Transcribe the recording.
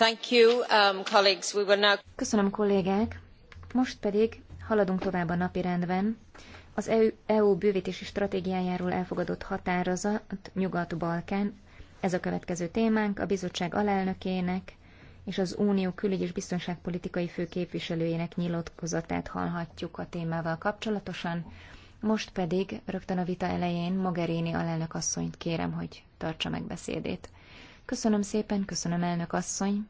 Um, köszönöm, kollégák. Most pedig haladunk tovább a napirendben. Az EU, EU bővítési stratégiájáról elfogadott határozat Nyugat-Balkán. Ez a következő témánk a bizottság alelnökének és az Unió külügy- és biztonságpolitikai főképviselőjének nyilatkozatát hallhatjuk a témával kapcsolatosan. Most pedig rögtön a vita elején Mogherini alelnök asszonyt kérem, hogy tartsa meg beszédét. Köszönöm szépen, köszönöm elnök asszony.